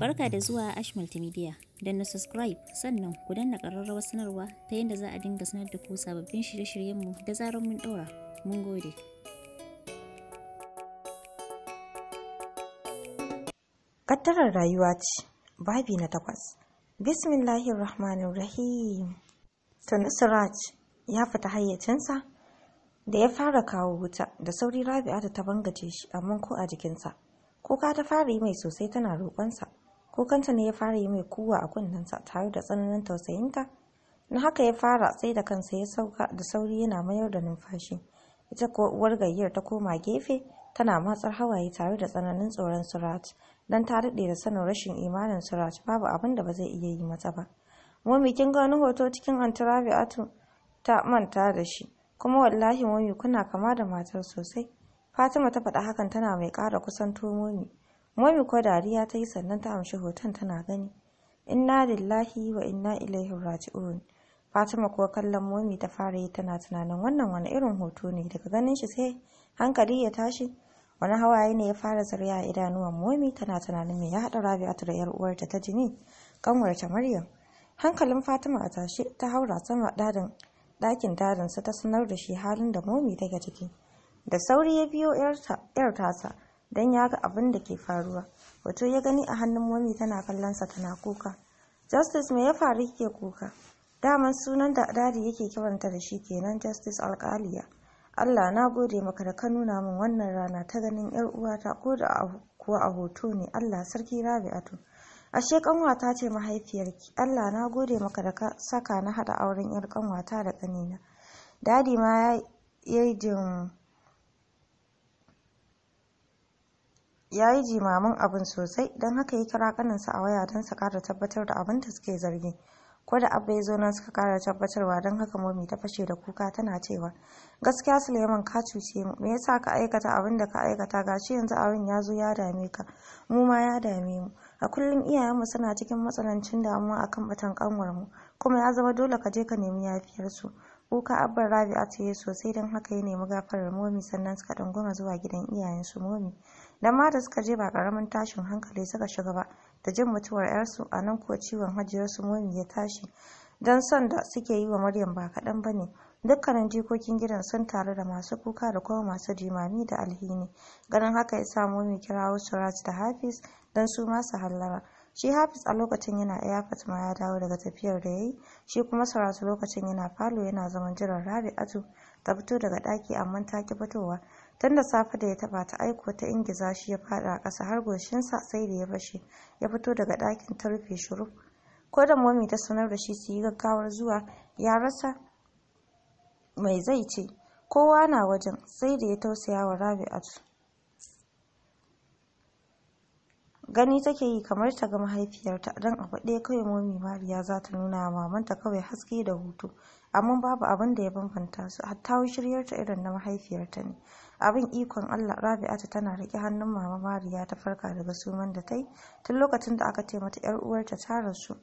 Barka da zuwa Ash Multimedia. Don na subscribe sannan ku danna ƙararrawar sanarwa ta yadda za a dinga sanar da ku sababbin shirye-shiryenmu da zarar mun ɗora. Mun gode. Ƙaddarar rayuwa ce, babi na takwas. Bismillahir Rahmanir Rahim. Tuni Siraj ya fita hayyacinsa da ya fara kawo wuta da sauri Rabi'a ta bangace shi amma ko a jikinsa. Kuka ta fara yi mai sosai tana roƙonsa. kukanta ne ya fara yi mai kuwa a kunnensa tare da tsananin tausayinta na haka ya fara sai da kansa ya sauka da sauri yana mayar da numfashi ita kuwa uwar gayyar ta koma gefe tana matsar hawaye tare da tsananin tsoron surat don ta daɗe da sanin rashin imanin surat babu abin da ba zai iya yi mata ba momi kin ga hoto cikin atu ta manta da shi kuma wallahi momi kuna kama da matar sosai fatima ta faɗa hakan tana mai ƙara kusanto momi Mami kwa dariya ta yi sannan ta amshi hoton tana gani. Inna lillahi wa inna ilaihi raji'un. Fatima kuwa kallon Momi ta fara yi tana tunanin wannan wani irin hoto ne daga ganin shi sai hankali ya tashi. Wani hawaye ne ya fara zarya a idanuwan Momi tana tunanin me ya haɗa Rabi'atu da 'yar uwarta ta jini kanwarta Maryam. Hankalin Fatima a tashe ta haura sama dadin ɗakin dadinsa ta sanar da shi halin da Momi take ciki. Da sauri ya biyo 'yar tasa. don ya ga abin da ke faruwa Wato ya gani a hannun mami tana kallon sa tana kuka justice mai ya faru ke kuka daman sunan da dadi yake kiranta da shi kenan justice alkaliya allah na gode maka da ka nuna min wannan rana ta ganin yar uwata ko da kuwa a hoto ne allah sarki rabi'atu ashe kanwata ce mahaifiyarki allah na gode maka da ka saka na hada auren yar kanwata da kanina dadi ma ya yi jin ya yi jimamin abin sosai don haka ya kira kaninsa a waya don su kara tabbatar da abin da suke zargi ko da abba ya zo nan suka kara tabbatarwa don haka momi ta fashe da kuka tana cewa gaskiya suleiman ka cuce mu me yasa ka aikata abin da ka aikata ga shi yanzu abin ya zo ya dame ka mu ma ya dame mu a kullum iyayenmu suna cikin matsanancin damuwa akan batan kanwar mu kuma ya zama dole ka je ka nemi yafiyar su kuka abban rabi'a ce ce sosai don haka ya nemi gafarar momi sannan suka ɗunguma zuwa gidan iyayensu momi dan ma da suka je ba karamin tashin hankali suka shiga ba da jin mutuwar yarsu a nan kuwa ciwon hajiyarsu momi ya tashi don son da suke yi wa maryam ba kaɗan ba ne dukkanin jikokin gidan sun taru da masu kuka da kuma masu jimami da alhini ganin haka ya sa momi kirawo wasu da hafiz don su masu hallara shi hafiz a lokacin yana iya ma ya dawo daga tafiyar da ya yi shi kuma saratu lokacin yana falo yana zaman jiran rabi aju ta fito daga daki amma ta ki fitowa tun da safe da ya taba ta aiko ta ingiza shi ya fada a ƙasa har goshinsa sai da ya fashe ya fito daga dakin ta rufe shiru ko da momi ta sanar da shi su yi gaggawar zuwa ya rasa mai zai ce kowa na wajen sai da ya tausaya wa rabi'atu gani take yi kamar ta ga mahaifiyarta don abu ɗaya kawai momi mariya za ta nuna wa mamanta kawai haske da hutu amma babu abin da ya bambanta su hatta shiryarta irin na mahaifiyarta ne abin ikon allah rabi'atu tana riƙe hannun mama mariya ta farka daga suman da ta yi tun lokacin da aka taimata yar uwarta ta rasu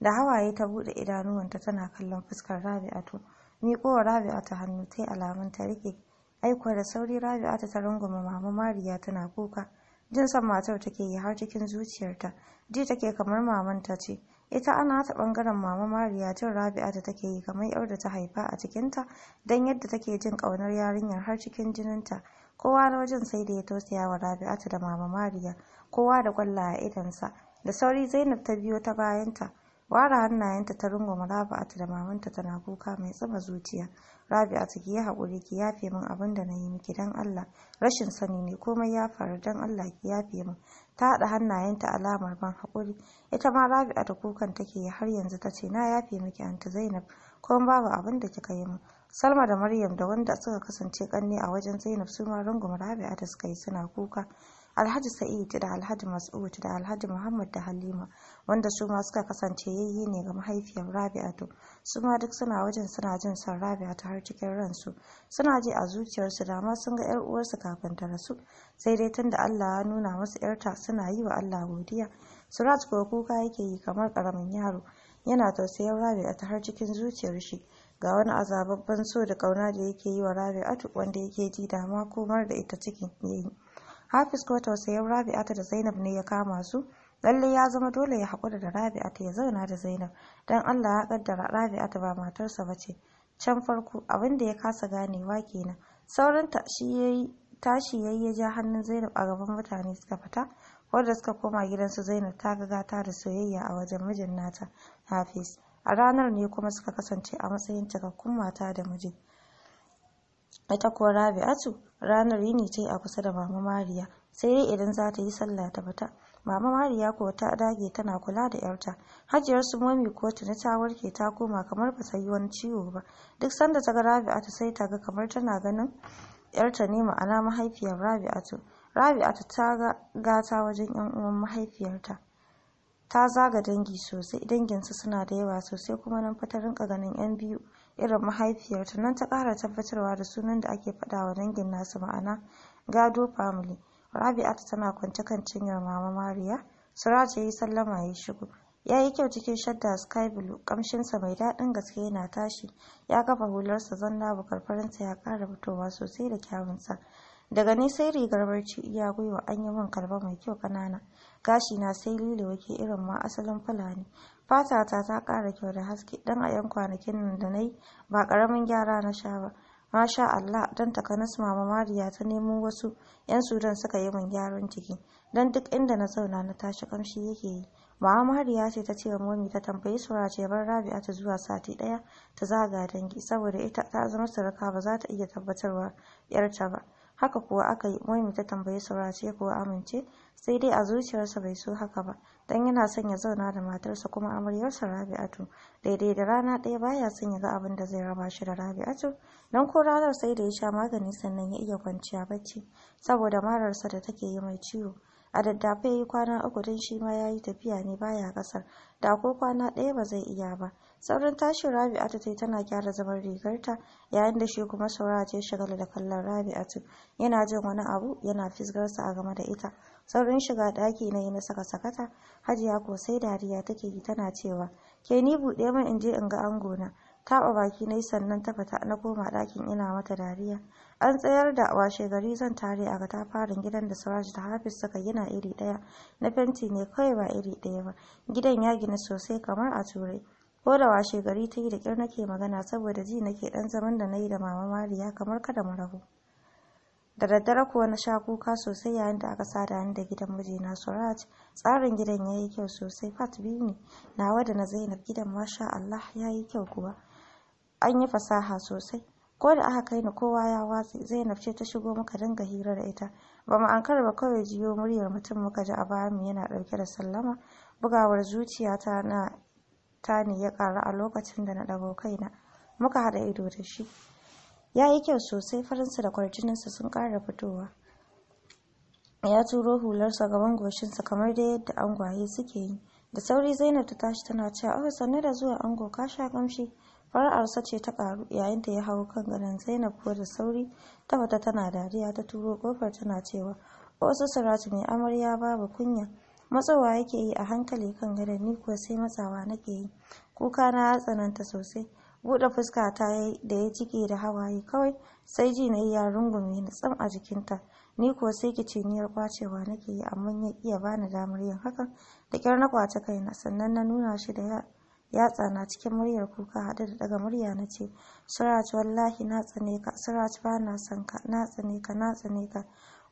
da hawaye ta buɗe idanuwanta tana kallon fuskar rabi'atu miƙowa rabi'atu hannu ta yi alamun ta riƙe aiko da sauri rabi'atu ta rungume mama mariya tana kuka jin son matar take yi har cikin zuciyarta ji take kamar mamanta ce ita ana ta bangaren mama mariya jin rabi'a da take yi kamar yar da ta haifa a cikinta don yadda take jin kaunar yarinyar har cikin jininta kowa na wajen sai da ya tausaya wa Rabi'ata da mama mariya kowa da kwallaye idonsa. idansa da sauri zainab ta biyo ta bayanta ware hannayenta ta rungume Rabi'atu da mamanta tana kuka mai tsuma zuciya. Rabi'atu ki yi haƙuri ki yafe min abin da na yi miki don Allah. Rashin sani ne komai ya faru don Allah ki yafe min. Ta haɗa hannayenta alamar ban haƙuri. Ita ma Rabi'a Rabi'atu kukan take har yanzu ta ce na yafe miki anti Zainab ko babu abin da kika yi min. Salma da Maryam da wanda suka kasance ƙanne a wajen Zainab su ma Rabi'a da suka yi suna kuka. alhaji sa'id da alhaji mas'ud da alhaji muhammad da halima wanda su ma suka kasance yayi ne ga mahaifiyar rabi'atu su ma duk suna wajen suna jin son rabi'atu har cikin ransu suna ji a zuciyarsu da ma sun ga yar uwarsu kafin ta rasu sai dai tunda allah ya nuna masu yarta suna yi wa allah godiya suraj kuwa kuka yake yi kamar karamin yaro yana tausayin rabi'atu har cikin zuciyar shi ga wani azababban so da kauna da yake yi wa rabi'atu wanda yake ji dama komar da ita cikin yayi Hafiz ko tausayin Rabi'atu da Zainab ne ya kama su. Lalle ya zama dole ya haƙura da Rabi'atu ya zauna da Zainab, don Allah ya kaddara Rabi'atu ba matarsa ba ce. Can farko abin da ya kasa ganewa kenan. Sauranta shi yayi tashi yayi ya ja hannun Zainab a gaban mutane suka fita. Wanda suka koma gidansu Zainab ta ga gata da soyayya a wajen mijin nata Hafiz. A ranar ne kuma suka kasance a matsayin cikakkun mata da miji. ita kuwa rabi'atu ranar yini ta yi a kusa da mama mariya sai dai idan za ta yi sallah ta fita mama mariya ko ta dage tana kula da yarta hajiyar su momi ko ta na ta warke ta koma kamar ba ta yi wani ciwo ba duk sanda ta ga rabi'atu sai ta ga kamar tana ganin yarta ne ma'ana mahaifiyar rabi'atu rabi'atu ta ga gata wajen yan uwan mahaifiyarta ta zaga dangi sosai danginsu suna da yawa sosai kuma nan fa ta rinka ganin yan biyu irin mahaifiyarta nan ta kara tabbatarwa da sunan da ake faɗawa wa dangin nasu ma'ana gado family rabi'atu tana kwance kan cinyar mama mariya siraj ya yi sallama ya shigo ya yi kyau cikin shadda sky blue kamshinsa mai daɗin gaske yana tashi ya kafa hularsa zanna bukar farinsa ya ƙara fitowa sosai da kyawunsa daga ne sai rigar barci iya gwiwa an yi min kalba mai kyau kanana gashi na sai lilo wake irin ma asalin fulani fata ta ƙara kyau da haske dan a yan kwanakin nan da na yi ba ƙaramin gyara na sha ba masha Allah dan takanas mama Mariya ta nemo wasu yan sudan suka yi min gyaran ciki dan duk inda na zauna na tashi kamshi yake yi mama Mariya ce ta ce wa momi ta tambayi ce bar Rabi'a ta zuwa sati daya ta zaga dangi saboda ita ta zama suraka ba za ta iya tabbatarwa yarta ba haka kuwa aka yi Wani ta tambayi saurace ya kuwa amince sai dai a zuciyarsa bai so haka ba dan yana son ya zauna da matarsa kuma amaryarsa rabi'atu daidai da rana ɗaya baya son ya ga abin da zai raba shi da rabi'atu dan ko ranar sai da ya sha magani sannan ya iya kwanciya bacci saboda mararsa da take yi mai ciwo a daddafe ya yi kwana uku don shi ma ya yi tafiya ne baya kasar da ko kwana ɗaya ba zai iya ba saurin tashin rabi'atu ta yi tana gyara zaman rigarta yayin da shi kuma saurara ce shagala da kallon rabi'atu yana jin wani abu yana fisgarsa a game da ita saurin shiga ɗaki na yi na saka sakata hajiya ko sai dariya take yi tana cewa ke ni buɗe min in je in ga ango na. taɓa baki na sannan ta fita na koma ɗakin ina mata dariya an tsayar da washe gari zan tare a katafarin gidan da suraji ta hafiz suka gina iri ɗaya na fenti ne kawai ba iri ɗaya ba gidan ya gina sosai kamar a turai Ko da washegari ta yi da kyar nake magana saboda ji nake ɗan zaman da na yi da mama Mariya kamar kada mu rabu. Da daddare kuwa na sha kuka sosai yayin da aka sada ni da gidan mijina Suraj. Tsarin gidan ya yi kyau sosai fat biyu ne. Nawa da na Zainab gidan masha Allah ya yi kyau kuwa. An yi fasaha sosai. Ko da aka kai ni kowa ya watsi Zainab ce ta shigo muka dinga hira da ita. Ba mu an ba kawai jiyo muryar mutum muka ji a bayan mu yana ɗauke da sallama. Bugawar zuciyata na tani ya ƙaru a lokacin da na ɗago kaina muka haɗa ido da shi ya yi kyau sosai farinsa da kwarjininsa sun ƙara fitowa ya turo hularsa ga goshinsa kamar da yadda angwaye suke yi da sauri zainab ta tashi tana cewa oh sanne da zuwa ango ka sha kamshi fara'arsa ce ta karu yayin da ya hau kan ganin zainab ko da sauri ta fata tana dariya ta turo kofar tana cewa wasu saratu mai amarya babu kunya matsowa yake yi a hankali kan gadon ni kuwa sai matsawa nake yi kuka na ya tsananta sosai buɗe fuska ta da ya jike da hawaye kawai sai ji na yi ya rungume na tsam a jikinta ni kuwa sai ki kiciniyar kwacewa nake yi amma ya iya bani damar yin hakan da kyar na kwace kaina sannan na nuna shi da yatsa na cikin muryar kuka haɗe da daga murya na ce siraj wallahi na tsane ka siraj ba na son ka na tsane ka na tsane ka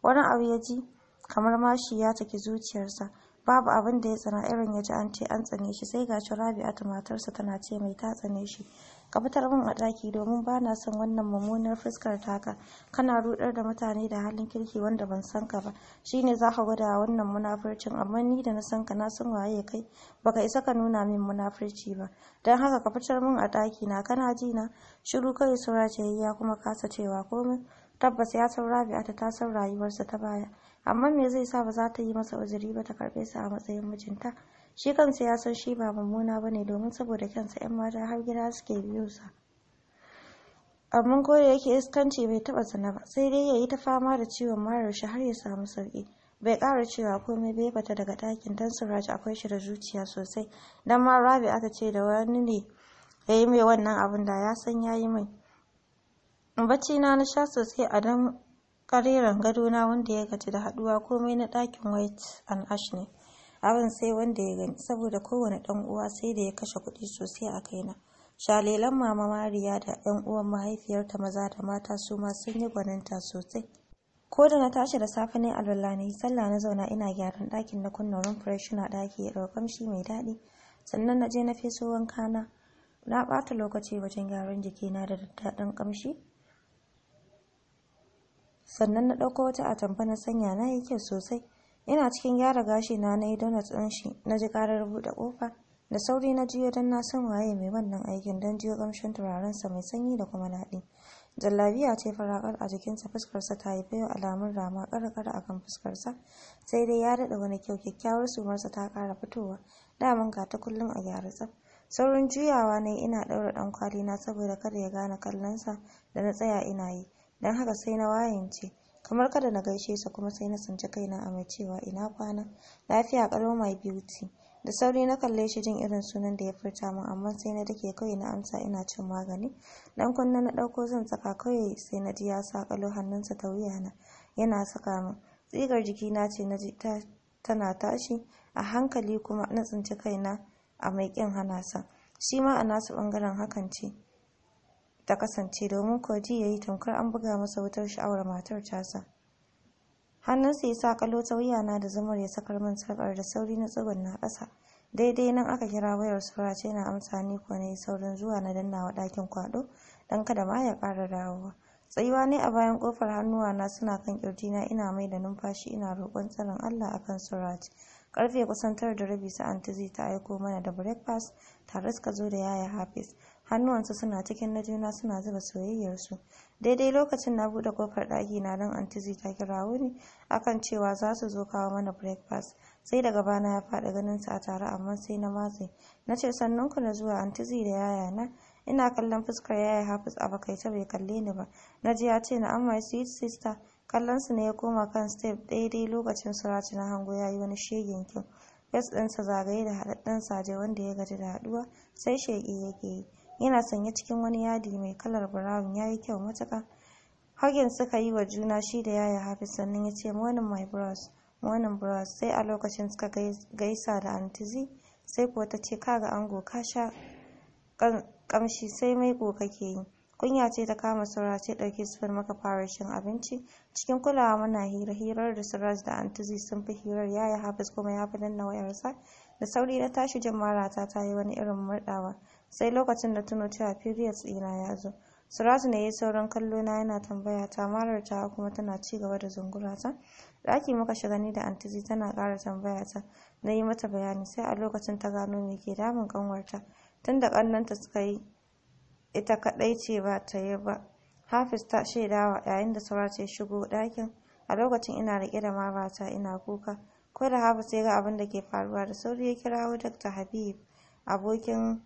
wani abu ya ji kamar mashi ya taki zuciyarsa babu abin da ya tsana irin ya ji an ce an tsane shi sai gaci rabi'atu matarsa tana ce mai ta tsane shi ka fitar min a daki domin ba na son wannan mummunar fuskar taka kana rudar da mutane da halin kirki wanda ban san ka ba shine za ka gwada wannan munafurcin amma ni da na san ka na san waye kai baka isa ka nuna min munafurci ba don haka ka fitar min a ɗaki na kana ji na shiru kai saura ce ya kuma kasa cewa komai tabbas ya san rabi'atu ta san rayuwarsa ta baya amma me zai sa ba za ta yi masa uzuri ba ta karbe sa a matsayin mijinta shi kansa ya san shi ba mummuna ba ne domin saboda kyansa 'yan mata har gida suke biyo sa amma ko da yake iskanci bai taba zina ba sai dai ya yi ta fama da ciwon marar shi har ya samu sauki bai ƙara cewa komai bai bata daga dakin, don suraj akwai shi da zuciya sosai dan ma rabi aka ce da wani ne ya yi mai wannan abin da ya san ya yi mai bacci na na sha sosai a dan Ƙareren gadona wanda ya gaji da haɗuwa komai na ɗakin White and Ash ne. Abin sai wanda ya gani saboda kowane ɗan uwa sai da ya kashe kuɗi sosai a kaina. Shalelan mama Mariya da 'yan uwan mahaifiyarta maza da mata su ma sun yi gwaninta sosai. Ko da na tashi da safe ne a na sallah na zauna ina gyaran ɗakin na kunna room na ɗaki ya ɗau kamshi mai daɗi. Sannan na je na feso wanka na. Na ɓata lokaci wajen gyaran jikina da daddaɗin kamshi sannan na ɗauko wata atamfa na sanya na yi kyau sosai ina cikin gyara gashi na na yi donuts ɗin shi na ji karar buɗe ƙofa da sauri na jiyo don na san waye mai wannan aikin don jiyo ƙamshin turarensa mai sanyi da kuma daɗi jallabiya ce farakar a jikin jikinsa fuskarsa ta yi bayo alamun rama ƙarƙar a kan fuskarsa sai dai ya daɗa wani kyau kyakkyawar sumarsa ta ƙara fitowa daman ga ta kullum a gyara tsaf saurin juyawa ne ina ɗaura ɗan kwali na saboda kada ya gane kallon sa da na tsaya ina yi don haka sai na wayance kamar kada na gaishe sa kuma sai na tsinci kaina a mai cewa ina kwana lafiya kalo my beauty da sauri na kalle shi jin irin sunan da ya furta min amma sai na dake kawai na amsa ina cin magani dan kunna na dauko zan saka kawai sai na ji ya sa kalo hannunsa ta na yana saka min tsigar jiki na ce na ji tana tashi a hankali kuma na tsinci kaina a mai kin hana sa shi ma a nasu bangaren hakan ce ta kasance domin koji ya yi tamkar an buga masa wutar sha'awar matar tasa hannunsa ya sa kalo ta wuyana da zumar ya sakar min sarkar da sauri na tsugun na ƙasa daidai nan aka kira wayar sura ce na amsa ni ko na saurin zuwa na dannawa ɗakin kwaɗo don kada ma ya ƙara dawowa tsayuwa ne a bayan kofar hannuwana suna kan na ina mai da numfashi ina roƙon tsarin allah akan surat karfe kusantar da rabi sa'an ta zai ta aiko mana da breakfast tare suka zo da yaya hafiz hannuwansu suna cikin na juna suna zuba soyayyarsu daidai lokacin na bude kofar daki na don antizi ta kirawo ni akan cewa za su zo kawo mana breakfast sai daga bana ya faɗi ganin su a tare amma sai na matse na ce sannan na zuwa antizi da yaya na ina kallon fuskar yaya hafiz a ta bai kalle ni ba na ji ya ce na amma sweet sister kallon su ne ya koma kan step daidai lokacin suraci na hango ya yi wani shegen kyau fes ɗinsa zagaye da haɗaɗɗen saje wanda ya gaji da haɗuwa sai sheke yake yi yana sanye cikin wani yadi mai kalar brown ya yi kyau matuka hagen suka yi wa juna shi da yaya hafiz sannan ya ce morning my bros morning bros sai a lokacin suka gaisa da antizi sai kuwa ta ce kaga ango ka sha kamshi sai mai kake yi kunya ce ta kama sura ce ɗauki sufin maka fara shin abinci cikin kulawa muna hira hirar da suraj da antizi sun fi hirar yaya hafiz kuma ya fi danna wayarsa da sauri na tashi jin marata ta yi wani irin murdawa. sai lokacin da tuno cewa periods ɗina ya zo suratu ne ya sauran kallo na yana tambaya ta marar ta kuma tana ci gaba da zungura ta ɗaki muka shiga ni da antizi tana kara tambaya ta na yi mata bayani sai a lokacin ta gano me ke damun kanwarta tunda kannanta suka yi ita kaɗai ce ba ta yi ba hafiz ta shaidawa yayin da saurata ya shigo ɗakin a lokacin ina rike da marata ina kuka ko da hafiz ya ga abin da ke faruwa da sauri ya kirawo dr habib abokin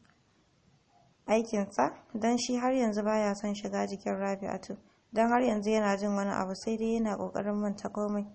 aikinsa don shi har yanzu baya son shiga jikin rabi'atu don har yanzu yana jin wani abu sai dai yana kokarin manta komai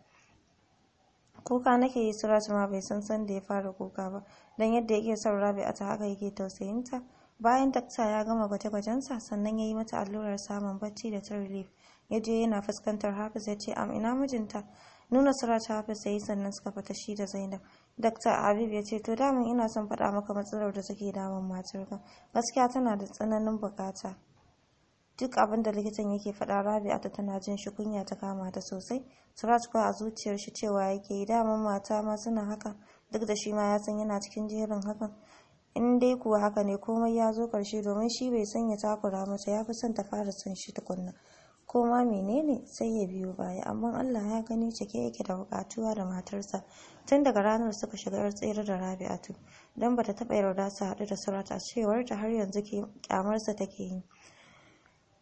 kuka nake yi suratu ma bai san san da ya fara kuka ba don yadda yake son rabi'atu haka yake tausayinta bayan dakta ya gama gwaje-gwajensa sannan ya yi mata allurar samun bacci da ta relief ya je yana fuskantar hafiz ya ce am ina mijinta nuna suratu hafiz ya yi sannan suka fita shi da zainab Dr. Habib ya ce, To daman ina son faɗa maka matsalar da take damun matarka. Gaskiya tana da tsananin bukata. Duk abin da likitan yake faɗa ta tana jin shi kunya ta kama ta sosai. Suraj kuwa a zuciyar shi cewa yake yi daman mata ma suna haka duk da shi ma ya san yana cikin jerin hakan. In dai kuwa haka ne komai ya zo ƙarshe domin shi bai san ya takura mata ya fi son ta fara son shi tukunna. ko ma menene sai ya biyo baya amma Allah ya gani cike yake da bukatuwa da matarsa tun daga ranar suka shiga yar tsere da rabi'atu don bata taɓa yarda su haɗu da surata cewar ta har yanzu kyamarsa take yi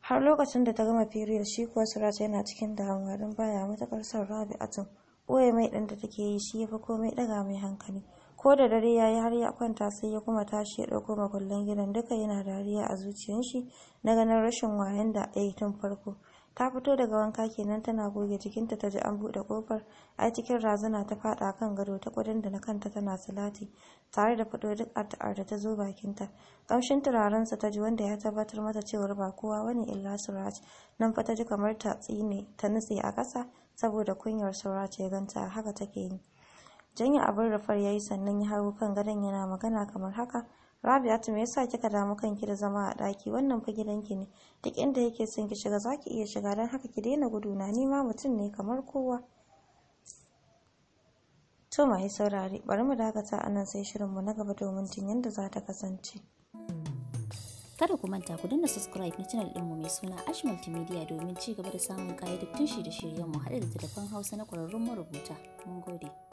har lokacin da ta gama period shi kuwa surata yana cikin damuwa don baya matakar son rabi'atu ɓoye mai ɗin da take yi shi ya fi komai ɗaga mai hankali ko da dare ya yi har ya kwanta sai ya kuma tashi ya ɗauko makullin gidan duka yana dariya a zuciyar shi na ganin rashin wayan da ya yi tun farko ta fito daga wanka kenan tana goge jikinta ta ji an buɗe ƙofar ai cikin razana ta faɗa kan gado ta kudin da na kanta tana salati tare da faɗo duk arta'ar da ta zo bakinta kamshin turarensa ta ji wanda ya tabbatar mata cewar ba kowa wani illa suraj nan fa ta ji kamar ta tsine ta nutse a ƙasa saboda kunyar suraj ya ganta haka take yi janye abin rufar yayi sannan ya hau kan gadon yana magana kamar haka Rabi'atu me yasa kika damu kanki da zama a ɗaki wannan fa gidanki ne duk inda yake son ki shiga zaki iya shiga dan haka ki daina guduna ni ma mutum ne kamar kowa to mai saurare bari mu dakata anan sai mu na gaba domin jin yadda za ta kasance kada ku manta ku danna subscribe na channel ɗinmu mai suna ash multimedia domin ci gaba da samun kayyadattun shirye-shiryenmu haɗa da telefon hausa na ƙwararrun marubuta mun gode